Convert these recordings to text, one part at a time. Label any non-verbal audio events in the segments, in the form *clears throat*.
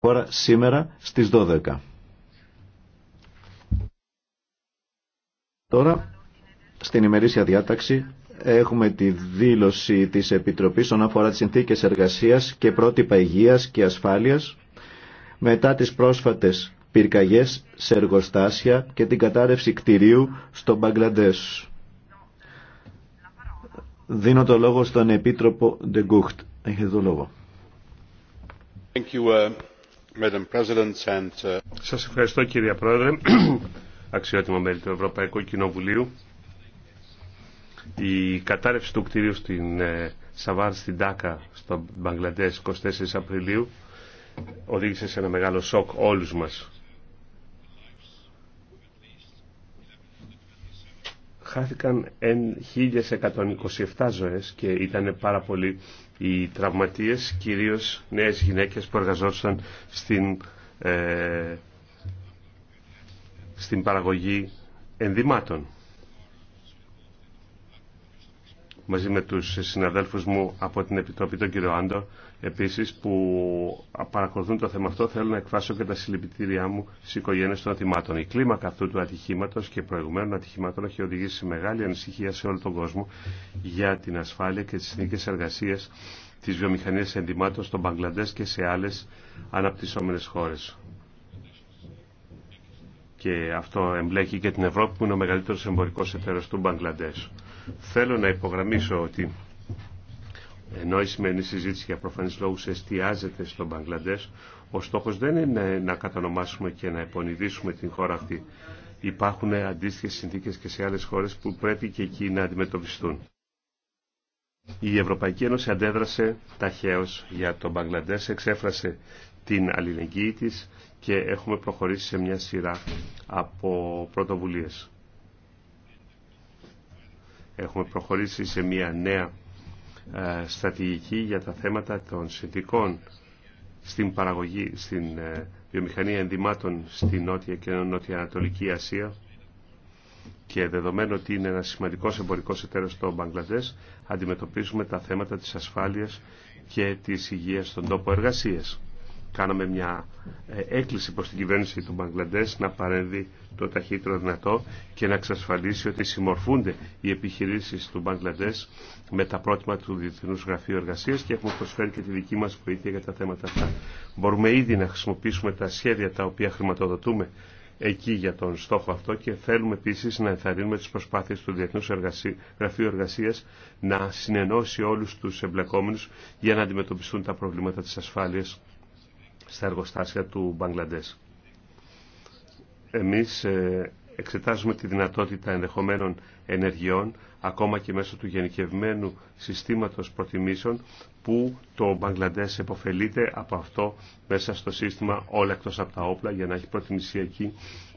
τώρα σήμερα στις 12. Τώρα, στην ημερήσια διάταξη, έχουμε τη δήλωση της Επιτροπής όσον αφορά τις συνθήκες εργασίας και πρότυπα υγείας και ασφάλειας μετά τις πρόσφατες πυρκαγιές σε εργοστάσια και την κατάρρευση κτηρίου στο Μπαγκλαντές. Δίνω το λόγο στον Επίτροπο Ντεγκούχτ. Έχετε το λόγο. Thank you, uh, Uh, Σας ευχαριστώ κύριε Πρόεδρε, *clears throat* αξιότιμο μέλη του Ευρωπαϊκού Κοινοβουλίου. Η κατάρρευση του κτίριου στην ε, Σαβάρ στην Τάκα, στο Μπαγκλαντές, 24 Απριλίου, οδήγησε σε ένα μεγάλο σοκ όλους μας. Χάθηκαν 1.127 ζωές και ήταν πάρα πολύ οι τραυματίες, κυρίως νέες γυναίκες που εργαζόντουσαν στην, ε, στην παραγωγή ενδυμάτων. μαζί με τους συναδέλφους μου από την Επιτροπή, τον κύριο Άντορ, επίσης που παρακολουθούν το θέμα αυτό, θέλω να εκφράσω και τα συλληπιτήριά μου στις οικογένειες των ατυχημάτων. Η κλίμακα αυτού του ατυχήματος και προηγουμένων ατυχημάτων έχει οδηγήσει μεγάλη ανησυχία σε όλο τον κόσμο για την ασφάλεια και τις συνθήκες εργασίας της βιομηχανίας ενδυμάτων στον Μπαγκλαντές και σε άλλες αναπτυσσόμενες χώρες. Και αυτό εμπλέκει και την Ευρώπη που είναι ο μεγαλύτερος εμπορικός εταίρος του Μπαγκλαντές. Θέλω να υπογραμμίσω ότι ενώ η σημερινή συζήτηση για προφανείς λόγους εστιάζεται στο Μπαγκλαντές, ο στόχος δεν είναι να κατανομάσουμε και να επωνυδίσουμε την χώρα αυτή. Υπάρχουν αντίστοιχες συνθήκες και σε άλλες χώρες που πρέπει και εκεί να αντιμετωπιστούν. Η Ευρωπαϊκή Ένωση αντέδρασε ταχαίως για τον Μπαγκλαντές, εξέφρασε την αλληλεγγύη της και έχουμε προχωρήσει σε μια σειρά από πρωτοβουλίες. Έχουμε προχωρήσει σε μια νέα ε, στρατηγική για τα θέματα των συνθηκών στην παραγωγή, στην ε, βιομηχανία ενδυμάτων στη Νότια και Νότια-Ανατολική Ασία και δεδομένου ότι είναι ένα σημαντικό εμπορικό εταίρος στο Μπαγκλαντές, αντιμετωπίζουμε τα θέματα της ασφάλειας και της υγείας στον τόπο εργασίας κάναμε μια ε, έκκληση προς την κυβέρνηση του Μπαγκλαντές να παρέμβει το ταχύτερο δυνατό και να εξασφαλίσει ότι συμμορφούνται οι επιχειρήσεις του Μπαγκλαντές με τα πρότυπα του Διεθνούς Γραφείου Εργασίας και έχουμε προσφέρει και τη δική μας βοήθεια για τα θέματα αυτά. Μπορούμε ήδη να χρησιμοποιήσουμε τα σχέδια τα οποία χρηματοδοτούμε εκεί για τον στόχο αυτό και θέλουμε επίσης να ενθαρρύνουμε τις προσπάθειες του Διεθνούς Γραφείου Εργασίας να συνενώσει όλους τους εμπλεκόμενους για να αντιμετωπιστούν τα προβλήματα της ασφάλειας στα εργοστάσια του Μπαγκλαντές. Εμείς ε, εξετάζουμε τη δυνατότητα ενδεχομένων ενεργειών ακόμα και μέσω του γενικευμένου συστήματος προτιμήσεων που το Μπαγκλαντές επωφελείται από αυτό μέσα στο σύστημα όλα εκτός από τα όπλα για να έχει προτιμησιακή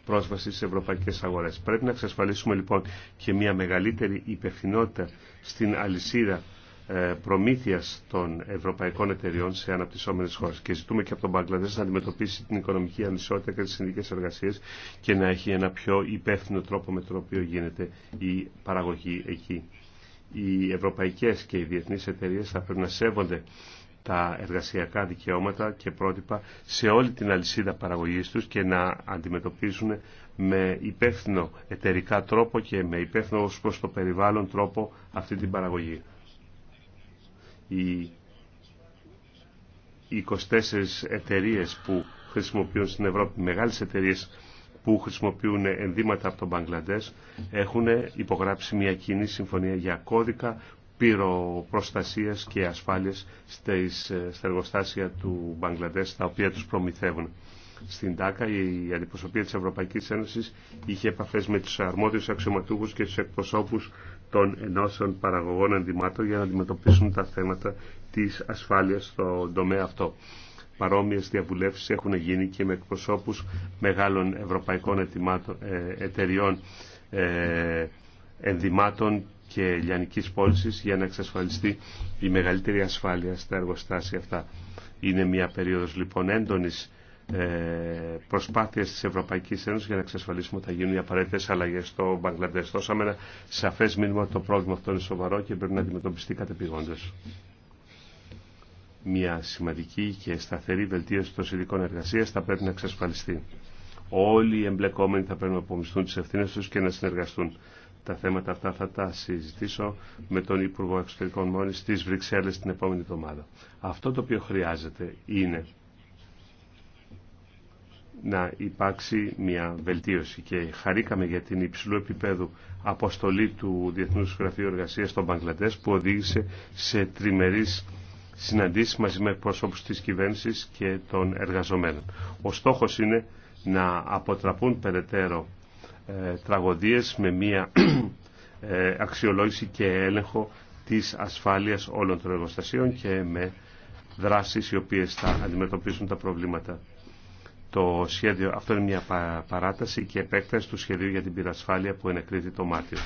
πρόσβαση σε ευρωπαϊκές αγορές. Πρέπει να εξασφαλίσουμε λοιπόν και μια μεγαλύτερη υπευθυνότητα στην αλυσίδα ε, προμήθειας των ευρωπαϊκών εταιριών σε αναπτυσσόμενες χώρες και ζητούμε και από τον Μπαγκλαντές να αντιμετωπίσει την οικονομική ανισότητα και τις συνδικές εργασίες και να έχει ένα πιο υπεύθυνο τρόπο με τον οποίο γίνεται η παραγωγή εκεί. Οι ευρωπαϊκές και οι διεθνείς εταιρείε θα πρέπει να σέβονται τα εργασιακά δικαιώματα και πρότυπα σε όλη την αλυσίδα παραγωγής τους και να αντιμετωπίζουν με υπεύθυνο εταιρικά τρόπο και με υπεύθυνο ως προς το περιβάλλον τρόπο αυτή την παραγωγή οι 24 εταιρείες που χρησιμοποιούν στην Ευρώπη, μεγάλες εταιρείες που χρησιμοποιούν ενδύματα από τον Μπαγκλαντές, έχουν υπογράψει μια κοινή συμφωνία για κώδικα πυροπροστασίας και ασφάλειας στα εργοστάσια του Μπαγκλαντές, τα οποία τους προμηθεύουν. Στην ΤΑΚΑ η αντιπροσωπεία της Ευρωπαϊκής Ένωσης είχε επαφές με τους αρμόδιους αξιωματούχους και τους εκπροσώπους των ενώσεων παραγωγών ενδυμάτων για να αντιμετωπίσουν τα θέματα της ασφάλειας στον τομέα αυτό. Παρόμοιες διαβουλεύσεις έχουν γίνει και με εκπροσώπους μεγάλων ευρωπαϊκών ε, εταιριών ε, ενδυμάτων και λιανικής πώλησης για να εξασφαλιστεί η μεγαλύτερη ασφάλεια στα εργοστάσια αυτά. Είναι μια περίοδος λοιπόν έντονης ε, προσπάθειες τη Ευρωπαϊκής Ένωσης για να εξασφαλίσουμε ότι θα γίνουν οι απαραίτητες αλλαγές στο Μπαγκλαντές. Δώσαμε ένα σαφές μήνυμα ότι το πρόβλημα αυτό είναι σοβαρό και πρέπει να αντιμετωπιστεί κατεπηγόντως. Μια σημαντική και σταθερή βελτίωση των συνδικών εργασία θα πρέπει να εξασφαλιστεί. Όλοι οι εμπλεκόμενοι θα πρέπει να απομισθούν τι ευθύνε τους και να συνεργαστούν. Τα θέματα αυτά θα τα συζητήσω με τον Υπουργό Εξωτερικών μόνη τη Βρυξέλλες την επόμενη εβδομάδα. Αυτό το οποίο χρειάζεται είναι να υπάρξει μια βελτίωση και χαρήκαμε για την υψηλού επίπεδου αποστολή του Διεθνούς Γραφείου Εργασίας των Μπαγκλαντές που οδήγησε σε τριμερείς συναντήσεις μαζί με πρόσωπους της κυβέρνησης και των εργαζομένων. Ο στόχος είναι να αποτραπούν περαιτέρω ε, τραγωδίες με μια *clears throat* ε, αξιολόγηση και έλεγχο της ασφάλειας όλων των εργοστασίων και με δράσεις οι οποίες θα αντιμετωπίσουν τα προβλήματα το σχέδιο, αυτό είναι μια παράταση και επέκταση του σχεδίου για την πυρασφάλεια που ενεκρίθη το Μάρτιο.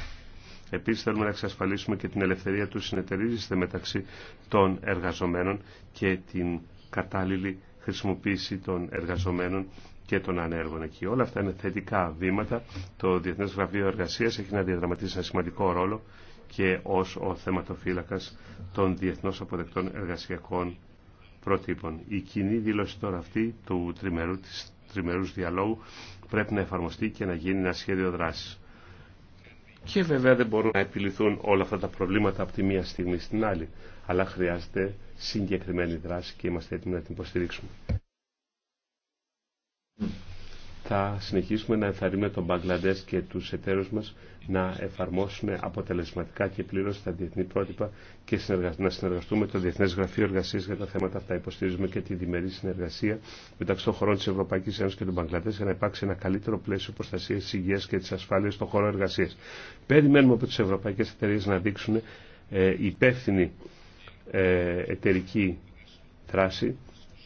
Επίσης θέλουμε να εξασφαλίσουμε και την ελευθερία του συνεταιρίζεστε μεταξύ των εργαζομένων και την κατάλληλη χρησιμοποίηση των εργαζομένων και των ανέργων εκεί. Όλα αυτά είναι θετικά βήματα. Το Διεθνές Γραφείο Εργασίας έχει να διαδραματίσει ένα σημαντικό ρόλο και ως ο θεματοφύλακας των διεθνώς αποδεκτών εργασιακών προτύπων. Η κοινή δήλωση τώρα αυτή του τριμερού, της τριμερούς διαλόγου πρέπει να εφαρμοστεί και να γίνει ένα σχέδιο δράσης. Και βέβαια δεν μπορούν να επιληθούν όλα αυτά τα προβλήματα από τη μία στιγμή στην άλλη, αλλά χρειάζεται συγκεκριμένη δράση και είμαστε έτοιμοι να την υποστηρίξουμε θα συνεχίσουμε να ενθαρρύνουμε τον Μπαγκλαντές και τους εταίρους μας να εφαρμόσουν αποτελεσματικά και πλήρως τα διεθνή πρότυπα και να συνεργαστούμε με το Διεθνές Γραφείο Εργασία για τα θέματα αυτά. Υποστηρίζουμε και τη διμερή συνεργασία μεταξύ των χωρών της Ευρωπαϊκής Ένωσης και των Μπαγκλαντές για να υπάρξει ένα καλύτερο πλαίσιο προστασίας της υγείας και της ασφάλειας στον χώρο εργασίας. Περιμένουμε από τι ευρωπαϊκές εταιρείε να δείξουν ε, υπεύθυνη ε, εταιρική δράση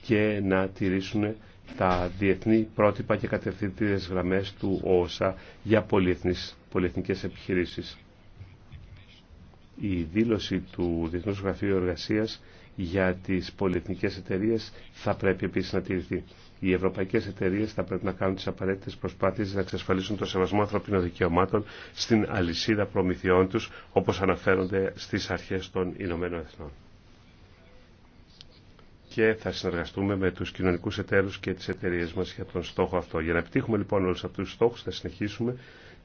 και να τηρήσουν τα διεθνή πρότυπα και κατευθυντήρες γραμμές του ΩΣΑ για πολυεθνικές επιχειρήσεις. Η δήλωση του Διεθνούς Γραφείου Εργασίας για τις πολυεθνικές εταιρείες θα πρέπει επίσης να τηρηθεί. Οι ευρωπαϊκές εταιρείες θα πρέπει να κάνουν τις απαραίτητες προσπάθειες να εξασφαλίσουν το σεβασμό ανθρωπίνων δικαιωμάτων στην αλυσίδα προμηθειών τους, όπως αναφέρονται στις αρχές των Ηνωμένων Εθνών και θα συνεργαστούμε με τους κοινωνικούς εταίρους και τις εταιρείες μας για τον στόχο αυτό. Για να επιτύχουμε λοιπόν όλους αυτούς τους στόχους θα συνεχίσουμε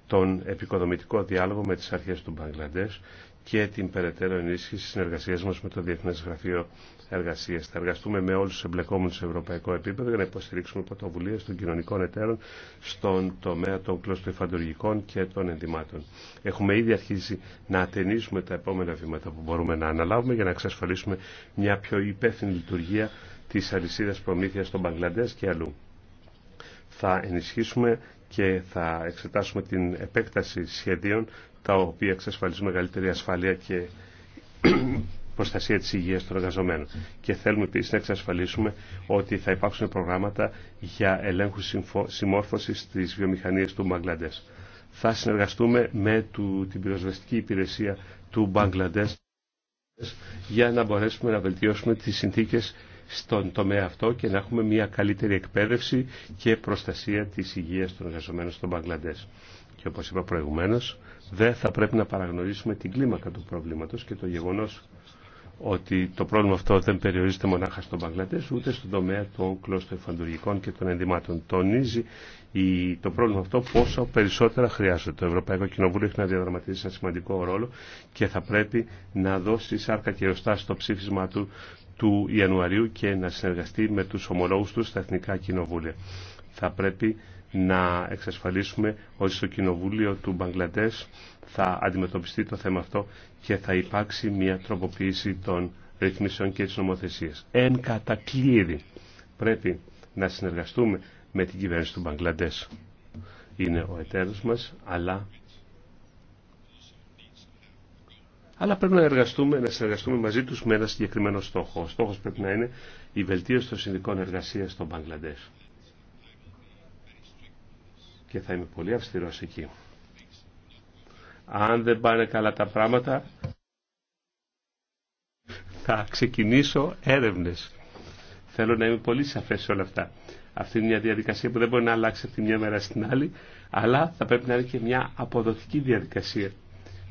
τον επικοδομητικό διάλογο με τις αρχές του Μπαγκλαντές και την περαιτέρω ενίσχυση συνεργασία μα μας με το διεθνέ Γραφείο εργασία. Θα εργαστούμε με όλου του εμπλεκόμενου σε ευρωπαϊκό επίπεδο για να υποστηρίξουμε πρωτοβουλίε των κοινωνικών εταίρων στον τομέα των κλωστοϊφαντουργικών και των ενδυμάτων. Έχουμε ήδη αρχίσει να ατενίσουμε τα επόμενα βήματα που μπορούμε να αναλάβουμε για να εξασφαλίσουμε μια πιο υπεύθυνη λειτουργία τη αλυσίδα προμήθεια των Μπαγκλαντέ και αλλού. Θα ενισχύσουμε και θα εξετάσουμε την επέκταση σχεδίων τα οποία εξασφαλίζουν μεγαλύτερη ασφάλεια και *clears throat* προστασία της υγείας των εργαζομένων. Και θέλουμε επίσης να εξασφαλίσουμε ότι θα υπάρξουν προγράμματα για ελέγχου συμμόρφωσης στις βιομηχανίες του Μπαγκλαντές. Θα συνεργαστούμε με την πυροσβεστική υπηρεσία του Μπαγκλαντές για να μπορέσουμε να βελτιώσουμε τις συνθήκες στον τομέα αυτό και να έχουμε μια καλύτερη εκπαίδευση και προστασία της υγείας των εργαζομένων στον Μπαγκλαντές. Και όπως είπα προηγουμένως, δεν θα πρέπει να παραγνωρίσουμε την κλίμακα του προβλήματος και το γεγονός ότι το πρόβλημα αυτό δεν περιορίζεται μονάχα στον Παγκλατές, ούτε στον τομέα των κλωστοεφαντουργικών και των ενδυμάτων. Τονίζει η, το πρόβλημα αυτό πόσο περισσότερα χρειάζεται. Το Ευρωπαϊκό Κοινοβούλιο έχει να διαδραματίσει ένα σημαντικό ρόλο και θα πρέπει να δώσει σάρκα και ρωστά στο ψήφισμα του του Ιανουαρίου και να συνεργαστεί με τους ομολόγους του στα Εθνικά Κοινοβούλια. Θα πρέπει να εξασφαλίσουμε ότι στο Κοινοβούλιο του Μπαγκλαντές θα αντιμετωπιστεί το θέμα αυτό και θα υπάρξει μια τροποποίηση των ρυθμίσεων και της νομοθεσίας. Εν κατακλείδη πρέπει να συνεργαστούμε με την κυβέρνηση του Μπαγκλαντές. Είναι ο εταίρος μας, αλλά... Αλλά πρέπει να, εργαστούμε, να συνεργαστούμε μαζί τους με ένα συγκεκριμένο στόχο. Ο στόχος πρέπει να είναι η βελτίωση των συνδικών εργασίας στον Μπαγκλαντές και θα είμαι πολύ αυστηρός εκεί. Αν δεν πάνε καλά τα πράγματα, θα ξεκινήσω έρευνες. Θέλω να είμαι πολύ σαφές σε όλα αυτά. Αυτή είναι μια διαδικασία που δεν μπορεί να αλλάξει από τη μια μέρα στην άλλη, αλλά θα πρέπει να είναι και μια αποδοτική διαδικασία.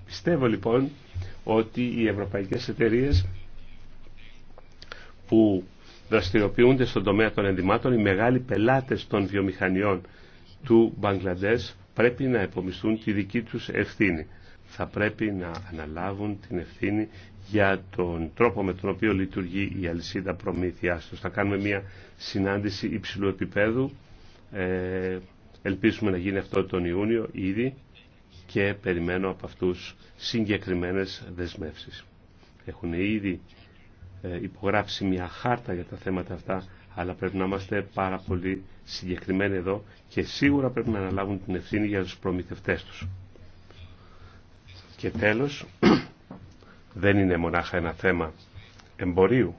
Πιστεύω λοιπόν ότι οι ευρωπαϊκές εταιρείες που δραστηριοποιούνται στον τομέα των ενδυμάτων, οι μεγάλοι πελάτες των βιομηχανιών του Μπαγκλαντές πρέπει να επομιστούν τη δική τους ευθύνη. Θα πρέπει να αναλάβουν την ευθύνη για τον τρόπο με τον οποίο λειτουργεί η αλυσίδα προμήθειάς τους. Θα κάνουμε μια συνάντηση υψηλού επίπεδου. Ε, ελπίζουμε να γίνει αυτό τον Ιούνιο ήδη και περιμένω από αυτούς συγκεκριμένες δεσμεύσεις. Έχουν ήδη ε, υπογράψει μια χάρτα για τα θέματα αυτά αλλά πρέπει να είμαστε πάρα πολύ συγκεκριμένοι εδώ και σίγουρα πρέπει να αναλάβουν την ευθύνη για τους προμηθευτές τους. Και τέλος, *clears throat* δεν είναι μονάχα ένα θέμα εμπορίου.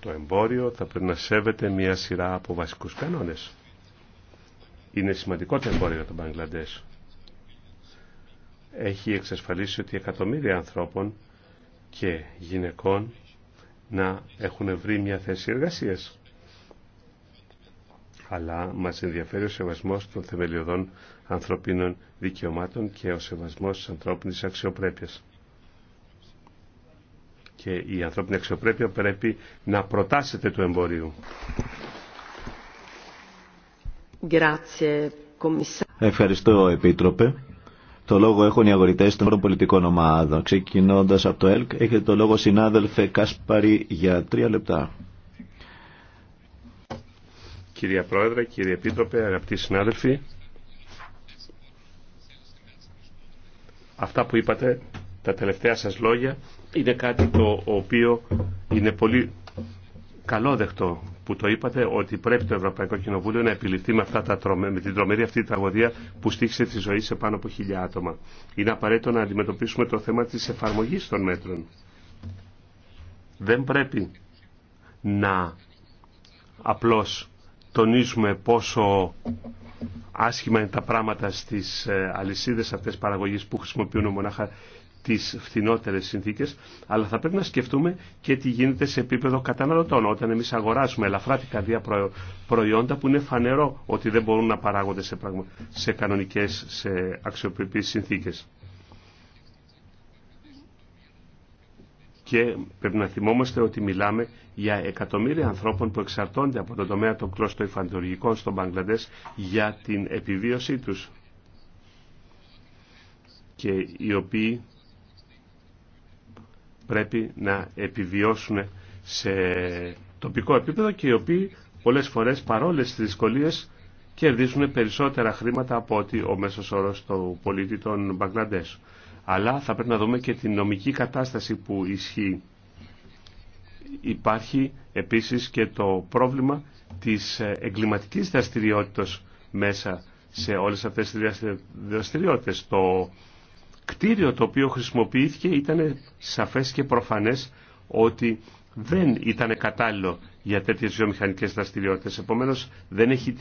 Το εμπόριο θα πρέπει να σέβεται μια σειρά από βασικούς κανόνες. Είναι σημαντικό το εμπόριο για τον Μπαγκλαντές. Έχει εξασφαλίσει ότι εκατομμύρια ανθρώπων και γυναικών να έχουν βρει μια θέση εργασίας. Αλλά μας ενδιαφέρει ο σεβασμός των θεμελιωδών ανθρωπίνων δικαιωμάτων και ο σεβασμός της ανθρώπινης αξιοπρέπειας. Και η ανθρώπινη αξιοπρέπεια πρέπει να προτάσετε του εμπορίου. Ευχαριστώ, Επίτροπε. Το λόγο έχουν οι αγορητές των πολιτικών ομάδων. Ξεκινώντας από το ΕΛΚ, έχετε το λόγο συνάδελφε Κάσπαρη για τρία λεπτά. Κυρία Πρόεδρε, κύριε Επίτροπε, αγαπητοί συνάδελφοι, αυτά που είπατε, τα τελευταία σας λόγια, είναι κάτι το οποίο είναι πολύ καλόδεκτο που το είπατε ότι πρέπει το Ευρωπαϊκό Κοινοβούλιο να επιληθεί με, αυτά τα, με την τρομερή αυτή τραγωδία που στήχησε τη ζωή σε πάνω από χιλιά άτομα. Είναι απαραίτητο να αντιμετωπίσουμε το θέμα της εφαρμογής των μέτρων. Δεν πρέπει να απλώς τονίζουμε πόσο άσχημα είναι τα πράγματα στις ε, αλυσίδες αυτές παραγωγής που χρησιμοποιούν μονάχα τις φθηνότερες συνθήκες, αλλά θα πρέπει να σκεφτούμε και τι γίνεται σε επίπεδο καταναλωτών. Όταν εμείς αγοράζουμε ελαφρά πικαδία προϊόντα που είναι φανερό ότι δεν μπορούν να παράγονται σε, πραγμα... σε κανονικές, σε αξιοπρεπείς συνθήκες. Και πρέπει να θυμόμαστε ότι μιλάμε για εκατομμύρια ανθρώπων που εξαρτώνται από το τομέα των κλωστοϊφαντουργικών στον Μπαγκλαντές για την επιβίωσή τους και οι οποίοι πρέπει να επιβιώσουν σε τοπικό επίπεδο και οι οποίοι πολλές φορές παρόλες τις δυσκολίες κερδίζουν περισσότερα χρήματα από ότι ο μέσος όρος του πολίτη των Μπαγκλαντές. Αλλά θα πρέπει να δούμε και την νομική κατάσταση που ισχύει. Υπάρχει επίσης και το πρόβλημα της εγκληματικής δραστηριότητα μέσα σε όλες αυτές τις δραστηριότητες. Το κτίριο το οποίο χρησιμοποιήθηκε ήταν σαφές και προφανές ότι δεν ήταν κατάλληλο για τέτοιες βιομηχανικές δραστηριότητες. Επομένως δεν, έχει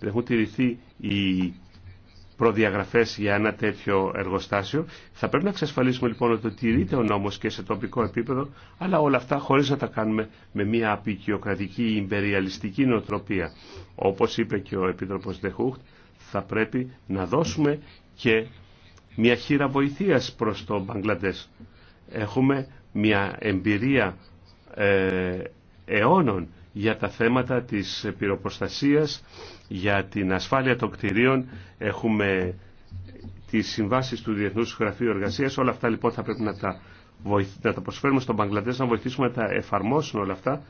δεν έχουν τηρηθεί οι προδιαγραφές για ένα τέτοιο εργοστάσιο. Θα πρέπει να εξασφαλίσουμε λοιπόν ότι τηρείται ο νόμος και σε τοπικό επίπεδο, αλλά όλα αυτά χωρίς να τα κάνουμε με μια απεικιοκρατική υπεριαλιστική νοοτροπία. Όπως είπε και ο Επίτροπος Δεχούχτ, θα πρέπει να δώσουμε και μια χείρα βοηθείας προς το Μπαγκλαντές. Έχουμε μια εμπειρία ε, αιώνων για τα θέματα της πυροπροστασίας, για την ασφάλεια των κτηρίων. Έχουμε τις συμβάσεις του Διεθνούς Γραφείου Εργασίας. Όλα αυτά λοιπόν θα πρέπει να τα, να τα προσφέρουμε στον Μπαγκλαντές, να βοηθήσουμε να τα εφαρμόσουν όλα αυτά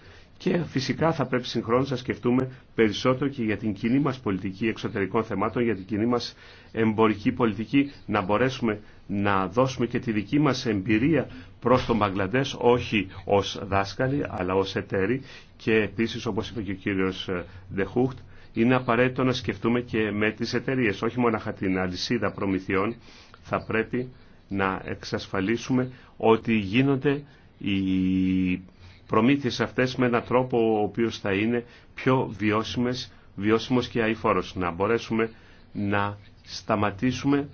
και φυσικά θα πρέπει συγχρόνως να σκεφτούμε περισσότερο και για την κοινή μας πολιτική εξωτερικών θεμάτων, για την κοινή μας εμπορική πολιτική, να μπορέσουμε να δώσουμε και τη δική μας εμπειρία προς τον Μπαγκλαντές, όχι ως δάσκαλοι, αλλά ως εταίροι. Και επίσης, όπως είπε και ο κύριος Δεχούχτ, είναι απαραίτητο να σκεφτούμε και με τις εταιρείε, όχι μόνο την αλυσίδα προμηθειών, θα πρέπει να εξασφαλίσουμε ότι γίνονται οι προμήθειες αυτές με έναν τρόπο ο οποίος θα είναι πιο βιώσιμες, βιώσιμος και αηφόρος. Να μπορέσουμε να σταματήσουμε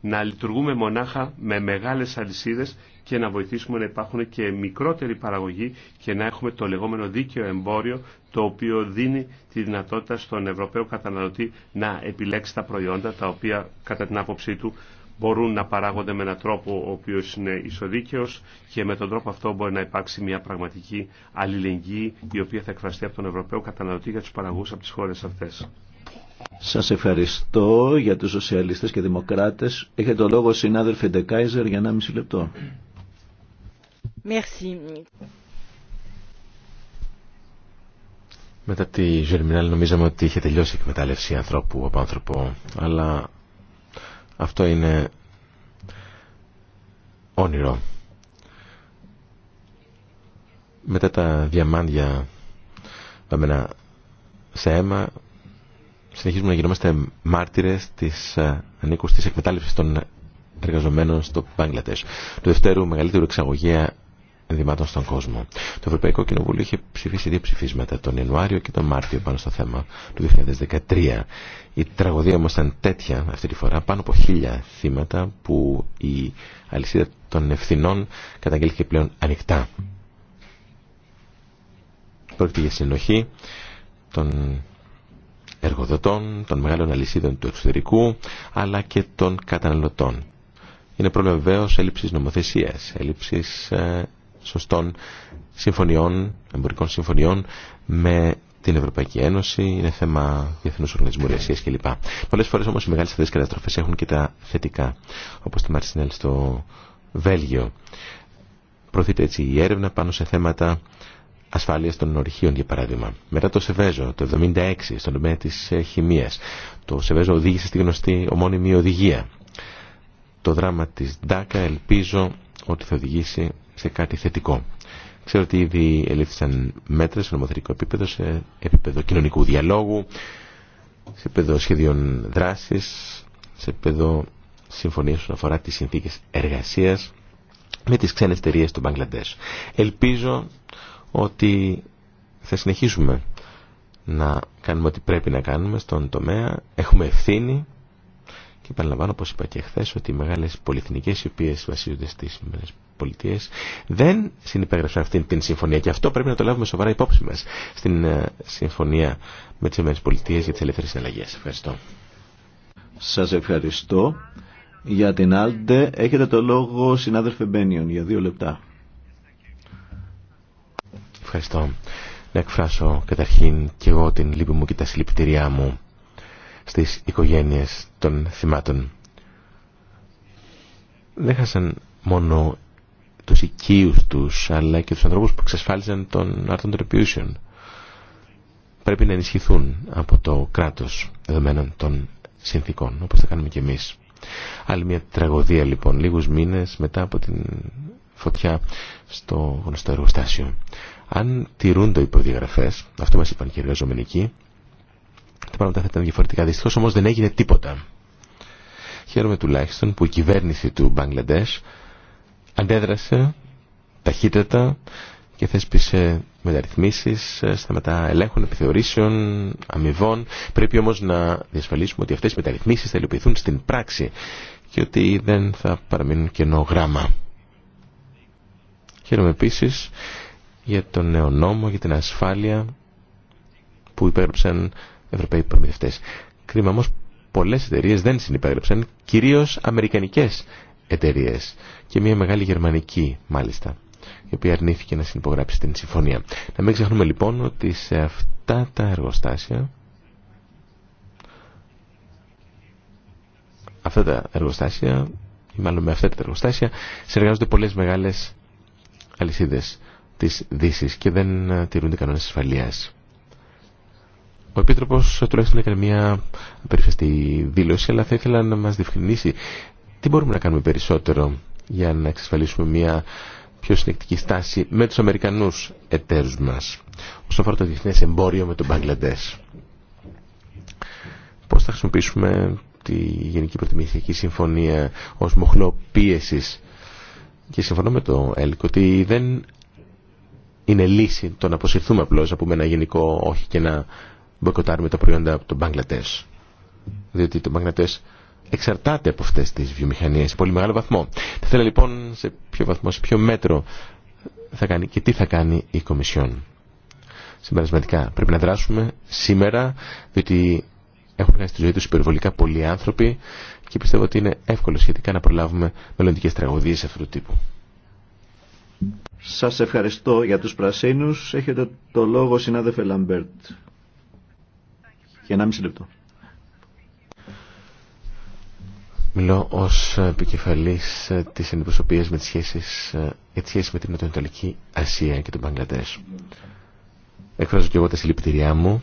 να λειτουργούμε μονάχα με μεγάλες αλυσίδες και να βοηθήσουμε να υπάρχουν και μικρότερη παραγωγή και να έχουμε το λεγόμενο δίκαιο εμπόριο το οποίο δίνει τη δυνατότητα στον Ευρωπαίο καταναλωτή να επιλέξει τα προϊόντα τα οποία κατά την άποψή του μπορούν να παράγονται με έναν τρόπο ο οποίο είναι ισοδίκαιος και με τον τρόπο αυτό μπορεί να υπάρξει μια πραγματική αλληλεγγύη η οποία θα εκφραστεί από τον Ευρωπαίο καταναλωτή για του παραγωγούς από τι χώρε αυτέ. Σα ευχαριστώ για του σοσιαλίστε και δημοκράτε. Έχετε το λόγο συνάδελφε Ντεκάιζερ για 1,5 λεπτό. Merci. Μετά τη Γερμινάλη νομίζαμε ότι είχε τελειώσει η εκμετάλλευση ανθρώπου από άνθρωπο, αλλά αυτό είναι όνειρο. Μετά τα διαμάντια βαμμένα σε αίμα συνεχίζουμε να γινόμαστε μάρτυρες της ανήκους της εκμετάλλευσης των εργαζομένων στο Μπαγκλατές. Το δευτέρου μεγαλύτερο εξαγωγέα ενδυμάτων στον κόσμο. Το Ευρωπαϊκό Κοινοβούλιο είχε ψηφίσει δύο ψηφίσματα τον Ιανουάριο και τον Μάρτιο πάνω στο θέμα του 2013. Η τραγωδία όμω ήταν τέτοια αυτή τη φορά, πάνω από χίλια θύματα που η αλυσίδα των ευθυνών καταγγέλθηκε πλέον ανοιχτά. Πρόκειται για συνοχή των εργοδοτών, των μεγάλων αλυσίδων του εξωτερικού, αλλά και των καταναλωτών. Είναι πρόβλημα βεβαίω έλλειψη νομοθεσία, έλλειψη ε, σωστών συμφωνιών, εμπορικών συμφωνιών με την Ευρωπαϊκή Ένωση, είναι θέμα διεθνού οργανισμού εργασία κλπ. Πολλέ φορέ όμω οι μεγάλε αυτέ καταστροφέ έχουν και τα θετικά, όπω τη Μαρσινέλ στο Βέλγιο. Προωθείται έτσι η έρευνα πάνω σε θέματα ασφάλεια των ορυχείων, για παράδειγμα. Μετά το Σεβέζο, το 1976, στον τομέα τη ε, χημία. Το Σεβέζο οδήγησε στη γνωστή ομώνυμη οδηγία. Το δράμα τη Ντάκα ελπίζω ότι θα οδηγήσει σε κάτι θετικό. Ξέρω ότι ήδη ελήφθησαν μέτρα σε νομοθετικό επίπεδο, σε επίπεδο κοινωνικού διαλόγου, σε επίπεδο σχεδίων δράσης, σε επίπεδο συμφωνία όσον αφορά τι συνθήκε εργασίας με τι ξένες εταιρείε του Μπαγκλαντέ. Ελπίζω ότι θα συνεχίσουμε να κάνουμε ό,τι πρέπει να κάνουμε στον τομέα. Έχουμε ευθύνη και παραλαμβάνω, όπως είπα και χθε, ότι οι μεγάλες πολυεθνικές οι οποίες βασίζονται στις πολιτείες δεν συνυπέγραψαν αυτήν την συμφωνία και αυτό πρέπει να το λάβουμε σοβαρά υπόψη μας στην ε, συμφωνία με τις ΗΠΑ για τις ελεύθερες συναλλαγές. Ευχαριστώ. Σας ευχαριστώ. Για την Άλντε έχετε το λόγο συνάδελφε Μπένιον για δύο λεπτά. Ευχαριστώ. Να εκφράσω καταρχήν και εγώ την λύπη μου και τα συλληπιτήριά μου στις οικογένειες των θυμάτων. Δεν χάσαν μόνο τους οικείους τους, αλλά και τους ανθρώπους που εξασφάλιζαν τον άρτον των Πρέπει να ενισχυθούν από το κράτος δεδομένων των συνθήκων, όπως θα κάνουμε και εμείς. Άλλη μια τραγωδία λοιπόν, λίγους μήνες μετά από την φωτιά στο γνωστό εργοστάσιο. Αν τηρούνται οι αυτό μας είπαν και οι τα πράγματα θα ήταν διαφορετικά. Δυστυχώ όμω δεν έγινε τίποτα. Χαίρομαι τουλάχιστον που η κυβέρνηση του Μπαγκλαντέ αντέδρασε ταχύτερα και θέσπισε μεταρρυθμίσει, ε, σταματά ελέγχων, επιθεωρήσεων, αμοιβών. Πρέπει όμω να διασφαλίσουμε ότι αυτέ οι μεταρρυθμίσει θα υλοποιηθούν στην πράξη και ότι δεν θα παραμείνουν κενό γράμμα. Χαίρομαι επίση για τον νέο νόμο για την ασφάλεια που υπέγραψαν Ευρωπαίοι προμηθευτέ. Κρίμα όμω πολλές εταιρείες δεν συνυπέγραψαν, κυρίως αμερικανικές εταιρείε και μια μεγάλη γερμανική μάλιστα η οποία αρνήθηκε να συνυπογράψει την συμφωνία. Να μην ξεχνούμε λοιπόν ότι σε αυτά τα εργοστάσια αυτά τα εργοστάσια ή μάλλον με αυτά τα εργοστάσια συνεργάζονται πολλές μεγάλες αλυσίδες της δύση και δεν τηρούνται κανόνες ασφαλείας. Ο Επίτροπο τουλάχιστον έκανε μια περιφεστή δήλωση, αλλά θα ήθελα να μα διευκρινίσει τι μπορούμε να κάνουμε περισσότερο για να εξασφαλίσουμε μια πιο συνεκτική στάση με του Αμερικανού εταίρους μα όσον αφορά το διεθνέ εμπόριο με τον Μπαγκλαντές. Πώ θα χρησιμοποιήσουμε τη Γενική Προτιμητική Συμφωνία ω μοχλό πίεση. και συμφωνώ με το έλκο ότι δεν είναι λύση το να αποσυρθούμε απλώ από ένα γενικό όχι και να μποϊκοτάρουμε τα προϊόντα από τον Μπαγκλατέ. Διότι το Μπαγκλατέ εξαρτάται από αυτέ τι βιομηχανίε, σε πολύ μεγάλο βαθμό. Θα ήθελα λοιπόν σε ποιο βαθμό, σε ποιο μέτρο θα κάνει και τι θα κάνει η Κομισιόν. Συμπερασματικά πρέπει να δράσουμε σήμερα διότι έχουν χάσει τη ζωή του υπερβολικά πολλοί άνθρωποι και πιστεύω ότι είναι εύκολο σχετικά να προλάβουμε μελλοντικέ τραγωδίες αυτού του τύπου. Σας ευχαριστώ για τους πρασίνους. Έχετε το λόγο συνάδελφε Λαμπέρτ λεπτό. Μιλώ ως επικεφαλής ε, της αντιπροσωπείας με σχέσεις, ε, για με την Νοτιοανατολική Ασία και τον Μπαγκλαντές. Εκφράζω και εγώ τα συλληπιτηριά μου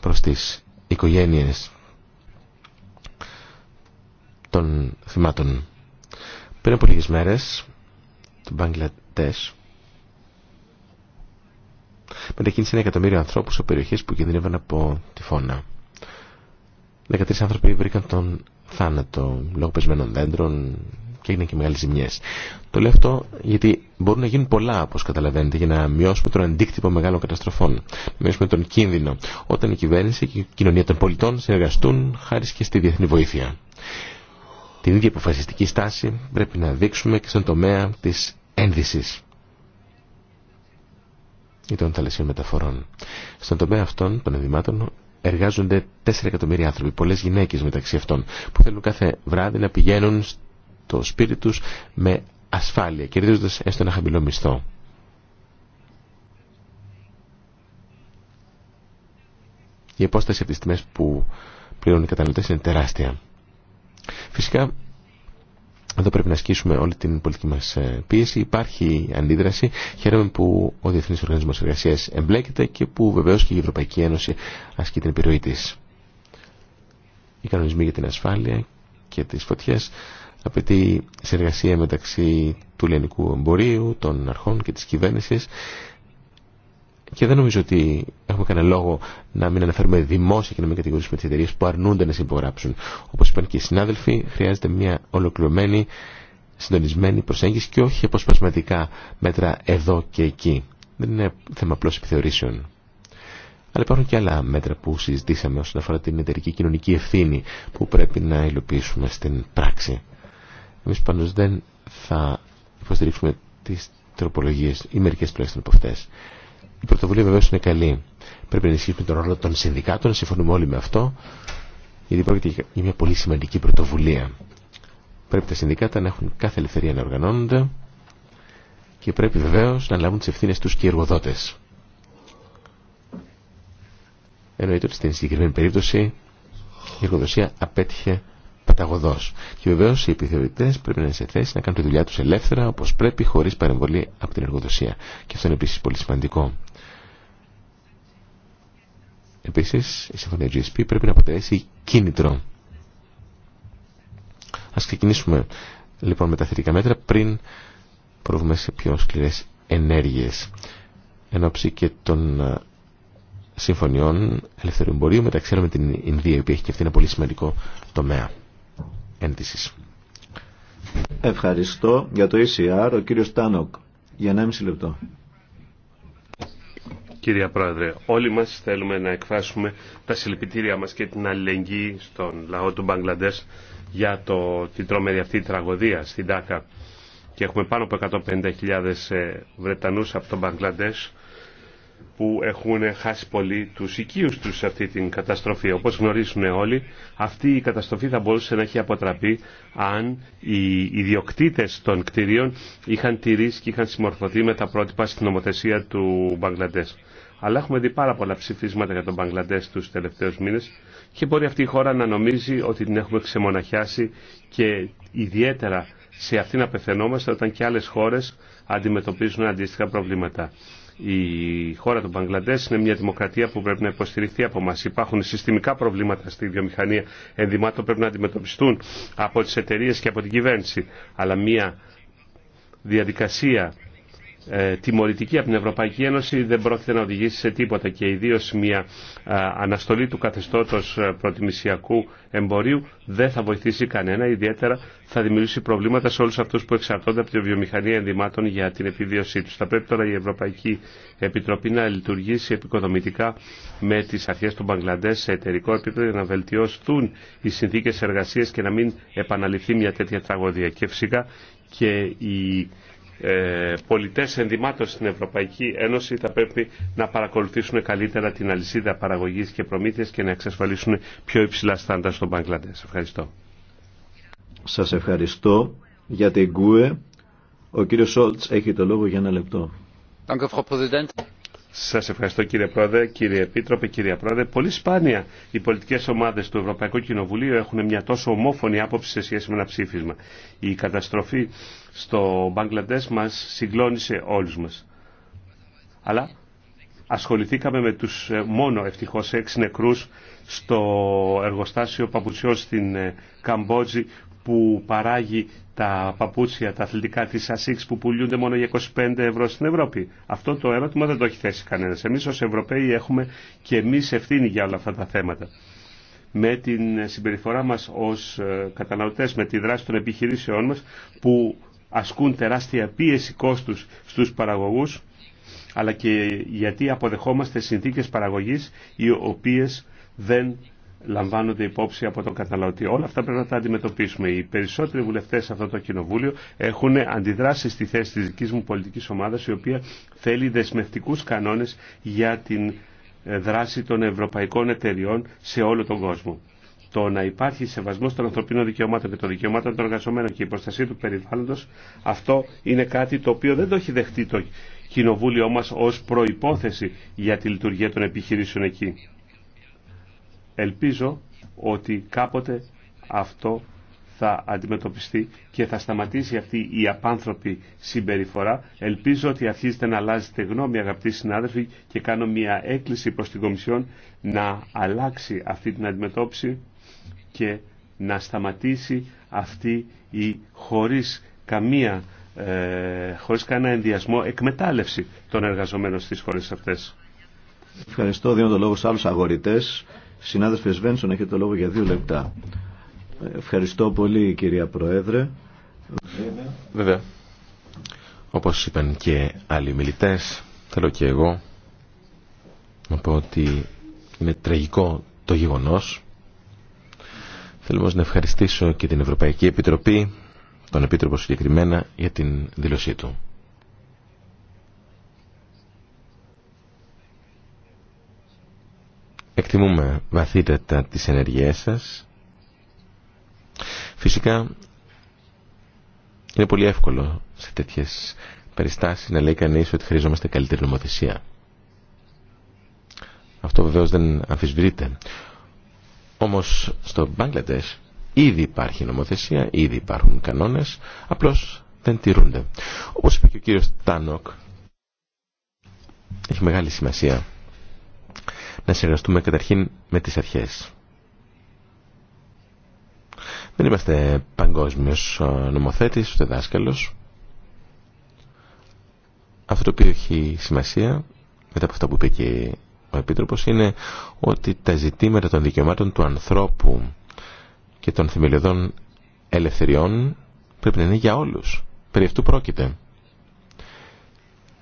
προς τις οικογένειες των θυμάτων. Πριν από λίγες μέρες, τον Μπαγκλαντές μετακίνησε ένα εκατομμύριο ανθρώπου σε περιοχέ που κινδύνευαν από τυφώνα. 13 άνθρωποι βρήκαν τον θάνατο λόγω πεσμένων δέντρων και έγιναν και μεγάλε ζημιέ. Το λέω αυτό γιατί μπορούν να γίνουν πολλά, όπω καταλαβαίνετε, για να μειώσουμε τον αντίκτυπο μεγάλων καταστροφών, να μειώσουμε τον κίνδυνο, όταν η κυβέρνηση και η κοινωνία των πολιτών συνεργαστούν χάρη και στη διεθνή βοήθεια. Την ίδια αποφασιστική στάση πρέπει να δείξουμε και στον τομέα τη ένδυση ή των θαλασσίων μεταφορών. Στον τομέα αυτών των ενδυμάτων εργάζονται 4 εκατομμύρια άνθρωποι, πολλές γυναίκες μεταξύ αυτών, που θέλουν κάθε βράδυ να πηγαίνουν στο σπίτι του με ασφάλεια, κερδίζοντας έστω ένα χαμηλό μισθό. Η απόσταση από τι τιμές που πληρώνουν οι καταναλωτές είναι τεράστια. Φυσικά εδώ πρέπει να ασκήσουμε όλη την πολιτική μας ε, πίεση. Υπάρχει αντίδραση. Χαίρομαι που ο Διεθνής Οργανισμός Εργασίας εμπλέκεται και που βεβαίως και η Ευρωπαϊκή Ένωση ασκεί την επιρροή της. Οι κανονισμοί για την ασφάλεια και τις φωτιές απαιτεί συνεργασία μεταξύ του ελληνικού εμπορίου, των αρχών και της κυβέρνηση και δεν νομίζω ότι έχουμε κανένα λόγο να μην αναφέρουμε δημόσια και να μην κατηγορήσουμε τι εταιρείε που αρνούνται να συμπογράψουν. Όπω είπαν και οι συνάδελφοι, χρειάζεται μια ολοκληρωμένη, συντονισμένη προσέγγιση και όχι αποσπασματικά μέτρα εδώ και εκεί. Δεν είναι θέμα απλώ επιθεωρήσεων. Αλλά υπάρχουν και άλλα μέτρα που συζητήσαμε όσον αφορά την εταιρική κοινωνική ευθύνη που πρέπει να υλοποιήσουμε στην πράξη. Εμεί πάντω δεν θα υποστηρίξουμε τι τροπολογίε ή μερικέ τουλάχιστον από αυτέ. Η πρωτοβουλία βεβαίω είναι καλή. Πρέπει να ενισχύσουμε τον ρόλο των συνδικάτων, συμφωνούμε όλοι με αυτό, γιατί πρόκειται για μια πολύ σημαντική πρωτοβουλία. Πρέπει τα συνδικάτα να έχουν κάθε ελευθερία να οργανώνονται και πρέπει βεβαίω να λάβουν τι ευθύνε του και οι εργοδότε. Εννοείται ότι στην συγκεκριμένη περίπτωση η εργοδοσία απέτυχε παταγωδό. Και βεβαίω οι επιθεωρητέ πρέπει να είναι σε θέση να κάνουν τη δουλειά του ελεύθερα όπω πρέπει, χωρί παρεμβολή από την εργοδοσία. Και αυτό είναι επίση πολύ σημαντικό. Επίση, η συμφωνία GSP πρέπει να αποτελέσει κίνητρο. Ας ξεκινήσουμε λοιπόν με τα θετικά μέτρα πριν προβούμε σε πιο σκληρές ενέργειες. Εν ώψη και των ε, συμφωνιών ελευθερού εμπορίου μεταξύ με την Ινδία, η οποία έχει και αυτή ένα πολύ σημαντικό τομέα ένδυση. Ευχαριστώ για το ECR, ο κύριος Τάνοκ, για 1,5 λεπτό. Κυρία Πρόεδρε, όλοι μας θέλουμε να εκφράσουμε τα συλληπιτήριά μας και την αλληλεγγύη στον λαό του Μπαγκλαντές για το, την τρομερή αυτή τραγωδία στην Τάκα. Και έχουμε πάνω από 150.000 ε, Βρετανούς από τον Μπαγκλαντές που έχουν χάσει πολύ τους οικείους τους σε αυτή την καταστροφή. Όπως γνωρίζουν όλοι, αυτή η καταστροφή θα μπορούσε να έχει αποτραπεί αν οι ιδιοκτήτες των κτηρίων είχαν τηρήσει και είχαν συμμορφωθεί με τα πρότυπα στην νομοθεσία του Μπαγκλαντές. Αλλά έχουμε δει πάρα πολλά ψηφίσματα για τον Μπαγκλαντές τους τελευταίους μήνες και μπορεί αυτή η χώρα να νομίζει ότι την έχουμε ξεμοναχιάσει και ιδιαίτερα σε αυτήν απευθενόμαστε όταν και άλλες χώρες αντιμετωπίζουν αντίστοιχα προβλήματα. Η χώρα του Μπαγκλαντέ είναι μια δημοκρατία που πρέπει να υποστηριχθεί από εμά. Υπάρχουν συστημικά προβλήματα στη βιομηχανία ενδυμάτων πρέπει να αντιμετωπιστούν από τις εταιρείε και από την κυβέρνηση. Αλλά μια διαδικασία ε, τιμωρητική από την Ευρωπαϊκή Ένωση δεν πρόκειται να οδηγήσει σε τίποτα και ιδίω μια αναστολή του καθεστώτος ε, προτιμησιακού εμπορίου δεν θα βοηθήσει κανένα, ιδιαίτερα θα δημιουργήσει προβλήματα σε όλους αυτούς που εξαρτώνται από τη βιομηχανία ενδυμάτων για την επιβίωσή τους. Θα πρέπει τώρα η Ευρωπαϊκή Επιτροπή να λειτουργήσει επικοδομητικά με τις αρχές του Μπαγκλαντές σε εταιρικό επίπεδο για να βελτιώσουν οι συνθήκες εργασίας και να μην επαναληφθεί μια τέτοια τραγωδία. Και φυσικά και η ε, πολιτές ενδυμάτων στην Ευρωπαϊκή Ένωση θα πρέπει να παρακολουθήσουν καλύτερα την αλυσίδα παραγωγής και προμήθειας και να εξασφαλίσουν πιο υψηλά στάντα στον Μπαγκλαντές. Ευχαριστώ. Σας ευχαριστώ για την κούε. Ο κύριος Σόλτς έχει το λόγο για ένα λεπτό. Σας ευχαριστώ κύριε Πρόεδρε, κύριε Επίτροπε, κύριε Πρόεδρε. Πολύ σπάνια οι πολιτικές ομάδες του Ευρωπαϊκού Κοινοβουλίου έχουν μια τόσο ομόφωνη άποψη σε σχέση με ένα ψήφισμα. Η καταστροφή στο Μπαγκλαντέ μας συγκλώνησε όλους μας. Αλλά ασχοληθήκαμε με τους ε, μόνο ευτυχώ έξι νεκρού στο εργοστάσιο παπουτσιών στην ε, Καμπότζη που παράγει τα παπούτσια, τα αθλητικά τη ASICS που πουλούνται μόνο για 25 ευρώ στην Ευρώπη. Αυτό το ερώτημα δεν το έχει θέσει κανένα. Εμεί ω Ευρωπαίοι έχουμε και εμείς ευθύνη για όλα αυτά τα θέματα. Με την συμπεριφορά μας ως ε, καταναλωτές, με τη δράση των επιχειρήσεών μας που ασκούν τεράστια πίεση κόστου στου παραγωγού, αλλά και γιατί αποδεχόμαστε συνθήκες παραγωγής οι οποίες δεν λαμβάνονται υπόψη από τον καταναλωτή. Όλα αυτά πρέπει να τα αντιμετωπίσουμε. Οι περισσότεροι βουλευτέ σε αυτό το κοινοβούλιο έχουν αντιδράσει στη θέση τη δική μου πολιτική ομάδα, η οποία θέλει δεσμευτικού κανόνε για την ε, δράση των ευρωπαϊκών εταιριών σε όλο τον κόσμο. Το να υπάρχει σεβασμό των ανθρωπίνων δικαιωμάτων και των δικαιωμάτων των εργαζομένων και η προστασία του περιβάλλοντο, αυτό είναι κάτι το οποίο δεν το έχει δεχτεί το κοινοβούλιο μα ω προπόθεση για τη λειτουργία των επιχειρήσεων εκεί. Ελπίζω ότι κάποτε αυτό θα αντιμετωπιστεί και θα σταματήσει αυτή η απάνθρωπη συμπεριφορά. Ελπίζω ότι αρχίζετε να αλλάζετε γνώμη αγαπητοί συνάδελφοι και κάνω μια έκκληση προς την Κομισιόν να αλλάξει αυτή την αντιμετώπιση και να σταματήσει αυτή η χωρίς καμία ε, χωρίς κανένα ενδιασμό εκμετάλλευση των εργαζομένων στις χώρες αυτές. Ευχαριστώ. Δίνω το λόγο άλλους Συνάδελφε Βένσον, έχετε το λόγο για δύο λεπτά. Ευχαριστώ πολύ, κυρία Πρόεδρε. Βέβαια. Όπως είπαν και άλλοι μιλητέ, θέλω και εγώ να πω ότι είναι τραγικό το γεγονός. Θέλω όμως να ευχαριστήσω και την Ευρωπαϊκή Επιτροπή, τον Επίτροπο συγκεκριμένα, για την δήλωσή του. Εκτιμούμε βαθύτατα τις ενεργειές σας. Φυσικά είναι πολύ εύκολο σε τέτοιες περιστάσεις να λέει κανείς ότι χρειαζόμαστε καλύτερη νομοθεσία. Αυτό βεβαίως δεν αμφισβητείται. Όμως στο Μπαγκλαντές ήδη υπάρχει νομοθεσία, ήδη υπάρχουν κανόνες, απλώς δεν τηρούνται. Όπως είπε και ο κύριος Τάνοκ, έχει μεγάλη σημασία να συνεργαστούμε καταρχήν με τις αρχές. Δεν είμαστε παγκόσμιος ε, νομοθέτης, ούτε δάσκαλος. Αυτό το οποίο έχει σημασία, μετά από αυτά που είπε και ο Επίτροπος, είναι ότι τα ζητήματα των δικαιωμάτων του ανθρώπου και των θεμελιωδών ελευθεριών πρέπει να είναι για όλους. Περί αυτού πρόκειται.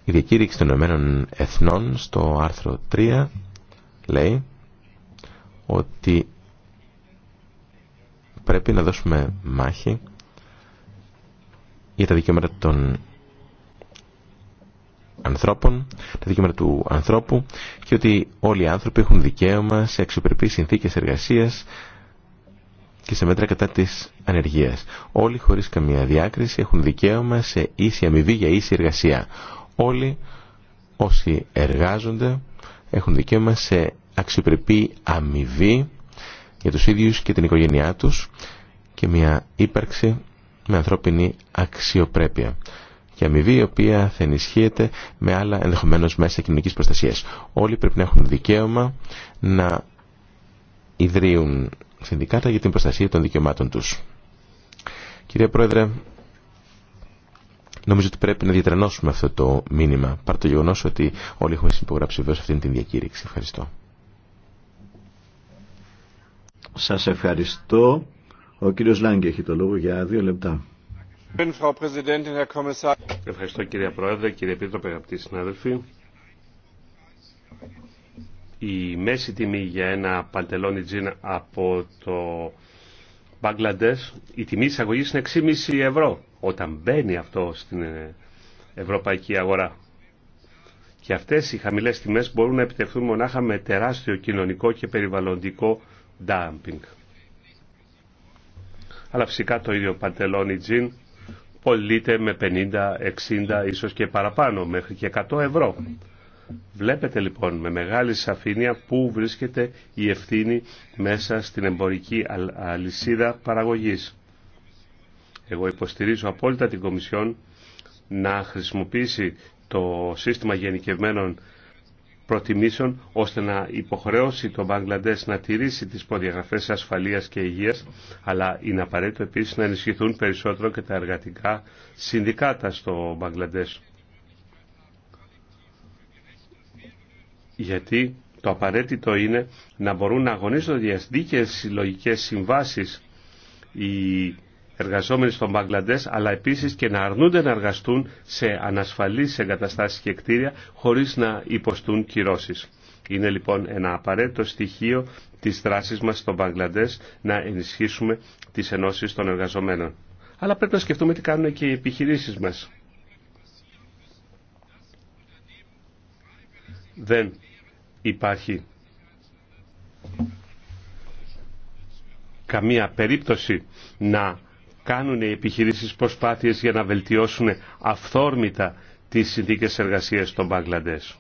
Η διακήρυξη των Ηνωμένων Εθνών στο άρθρο 3 λέει ότι πρέπει να δώσουμε μάχη για τα δικαιώματα των ανθρώπων, τα δικαιώματα του ανθρώπου και ότι όλοι οι άνθρωποι έχουν δικαίωμα σε αξιοπρεπείς συνθήκες εργασίας και σε μέτρα κατά της ανεργίας. Όλοι χωρίς καμία διάκριση έχουν δικαίωμα σε ίση αμοιβή για ίση εργασία. Όλοι όσοι εργάζονται έχουν δικαίωμα σε αξιοπρεπή αμοιβή για τους ίδιους και την οικογένειά τους και μια ύπαρξη με ανθρώπινη αξιοπρέπεια και αμοιβή η οποία θα ενισχύεται με άλλα ενδεχομένως μέσα κοινωνικής προστασίας. Όλοι πρέπει να έχουν δικαίωμα να ιδρύουν συνδικάτα για την προστασία των δικαιωμάτων τους. Κύριε Πρόεδρε, νομίζω ότι πρέπει να διατρανώσουμε αυτό το μήνυμα, παρά το γεγονός ότι όλοι έχουμε συμπογράψει σε αυτήν την διακήρυξη. Ευχαριστώ. Σας ευχαριστώ. Ο κύριος Λάγκη έχει το λόγο για δύο λεπτά. Ευχαριστώ κύριε Πρόεδρε, κύριε Επίτροπε, αγαπητοί συνάδελφοι. Η μέση τιμή για ένα παντελόνι τζιν από το Μπαγκλαντές, η τιμή αγωγής είναι 6,5 ευρώ όταν μπαίνει αυτό στην ε, ευρωπαϊκή αγορά. Και αυτές οι χαμηλές τιμές μπορούν να επιτευχθούν μονάχα με τεράστιο κοινωνικό και περιβαλλοντικό dumping. Αλλά φυσικά το ίδιο παντελόνι τζιν πωλείται με 50, 60, ίσως και παραπάνω, μέχρι και 100 ευρώ. Βλέπετε λοιπόν με μεγάλη σαφήνεια πού βρίσκεται η ευθύνη μέσα στην εμπορική αλυσίδα παραγωγής. Εγώ υποστηρίζω απόλυτα την Κομισιόν να χρησιμοποιήσει το σύστημα γενικευμένων προτιμήσεων ώστε να υποχρεώσει το Μπαγκλαντές να τηρήσει τις προδιαγραφές ασφαλείας και υγείας αλλά είναι απαραίτητο επίσης να ενισχυθούν περισσότερο και τα εργατικά συνδικάτα στο Μπαγκλαντές. Γιατί το απαραίτητο είναι να μπορούν να αγωνίζονται δίκαιες συλλογικές συμβάσεις οι εργαζόμενοι στον Μπαγκλαντέ, αλλά επίσης και να αρνούνται να εργαστούν σε ανασφαλείς εγκαταστάσει και κτίρια χωρίς να υποστούν κυρώσει. Είναι λοιπόν ένα απαραίτητο στοιχείο της δράσης μας στον Μπαγκλαντέ να ενισχύσουμε τις ενώσει των εργαζομένων. Αλλά πρέπει να σκεφτούμε τι κάνουν και οι επιχειρήσει μα. Δεν υπάρχει καμία περίπτωση να κάνουν οι επιχειρήσεις προσπάθειες για να βελτιώσουν αυθόρμητα τις συνθήκες εργασίας των Μπαγκλαντές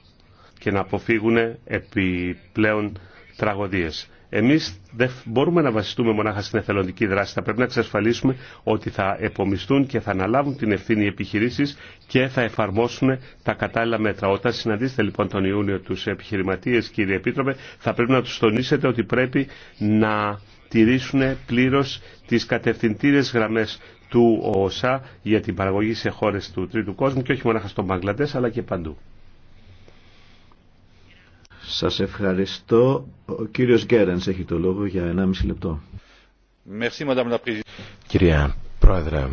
και να αποφύγουν επιπλέον τραγωδίες. Εμείς δεν μπορούμε να βασιστούμε μονάχα στην εθελοντική δράση. Θα πρέπει να εξασφαλίσουμε ότι θα επομιστούν και θα αναλάβουν την ευθύνη οι επιχειρήσεις και θα εφαρμόσουν τα κατάλληλα μέτρα. Όταν συναντήσετε λοιπόν τον Ιούνιο τους επιχειρηματίες, κύριε Επίτροπε, θα πρέπει να τους τονίσετε ότι πρέπει να τηρήσουν πλήρως τις κατευθυντήρες γραμμές του ΟΟΣΑ για την παραγωγή σε χώρες του τρίτου κόσμου και όχι μόνο στον Μπαγκλαντές αλλά και παντού. Σας ευχαριστώ. Ο κύριος Γκέρενς έχει το λόγο για 1,5 λεπτό. Κυρία Πρόεδρε,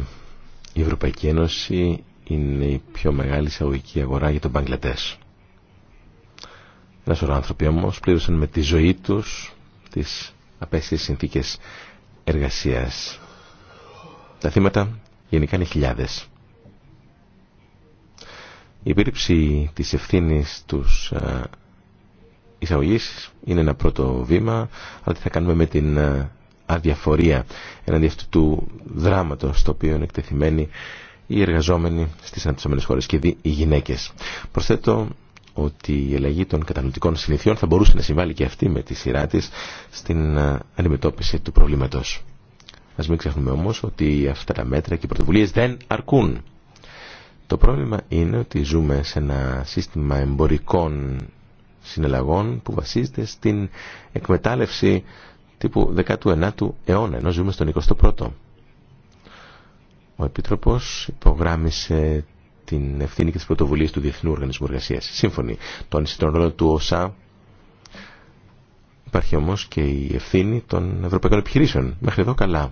η Ευρωπαϊκή Ένωση είναι η πιο μεγάλη εισαγωγική αγορά για τον Μπαγκλατές. Ένα σωρό άνθρωποι όμως πλήρωσαν με τη ζωή τους τις απέσχες συνθήκες εργασίας. Τα θύματα γενικά είναι χιλιάδες. Η υπήρξη της ευθύνης τους εισαγωγής είναι ένα πρώτο βήμα, αλλά τι θα κάνουμε με την αδιαφορία εναντί αυτού του δράματος στο οποίο είναι εκτεθειμένοι οι εργαζόμενοι στις αναπτυσσόμενες χώρες και οι γυναίκες. Προσθέτω ότι η αλλαγή των καταναλωτικών συνηθιών θα μπορούσε να συμβάλλει και αυτή με τη σειρά τη στην ε, αντιμετώπιση του προβλήματο. Α μην ξεχνούμε όμω ότι αυτά τα μέτρα και οι πρωτοβουλίε δεν αρκούν. Το πρόβλημα είναι ότι ζούμε σε ένα σύστημα εμπορικών συναλλαγών που βασίζεται στην εκμετάλλευση τύπου 19ου αιώνα, ενώ ζούμε στον 21ο. Ο Επίτροπος υπογράμμισε την ευθύνη και τι πρωτοβουλίε του Διεθνού Οργανισμού Εργασία. Σύμφωνοι, τόνισε τον ρόλο του ΟΣΑ. Υπάρχει όμως και η ευθύνη των ευρωπαϊκών επιχειρήσεων. Μέχρι εδώ καλά.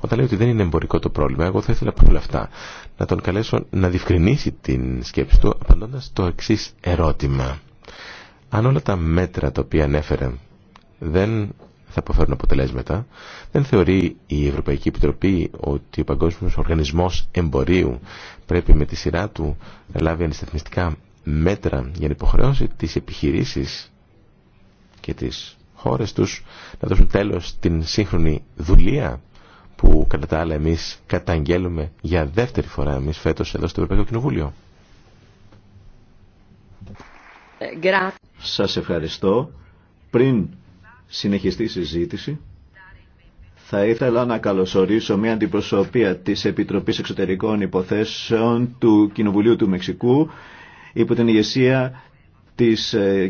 Όταν λέει ότι δεν είναι εμπορικό το πρόβλημα, εγώ θα ήθελα από όλα αυτά να τον καλέσω να διευκρινίσει την σκέψη του απαντώντα το εξή ερώτημα. Αν όλα τα μέτρα τα οποία ανέφερε δεν θα αποφέρουν αποτελέσματα. Δεν θεωρεί η Ευρωπαϊκή Επιτροπή ότι ο Παγκόσμιο Οργανισμό Εμπορίου πρέπει με τη σειρά του να λάβει αντισταθμιστικά μέτρα για να υποχρεώσει τις επιχειρήσεις και τις χώρες τους να δώσουν τέλο στην σύγχρονη δουλεία που κατά τα άλλα εμείς καταγγέλουμε για δεύτερη φορά εμεί φέτο εδώ στο Ευρωπαϊκό Κοινοβούλιο. Ε, Σας ευχαριστώ. Πριν συνεχιστή συζήτηση. Θα ήθελα να καλωσορίσω μια αντιπροσωπεία της Επιτροπής Εξωτερικών Υποθέσεων του Κοινοβουλίου του Μεξικού υπό την ηγεσία της ε,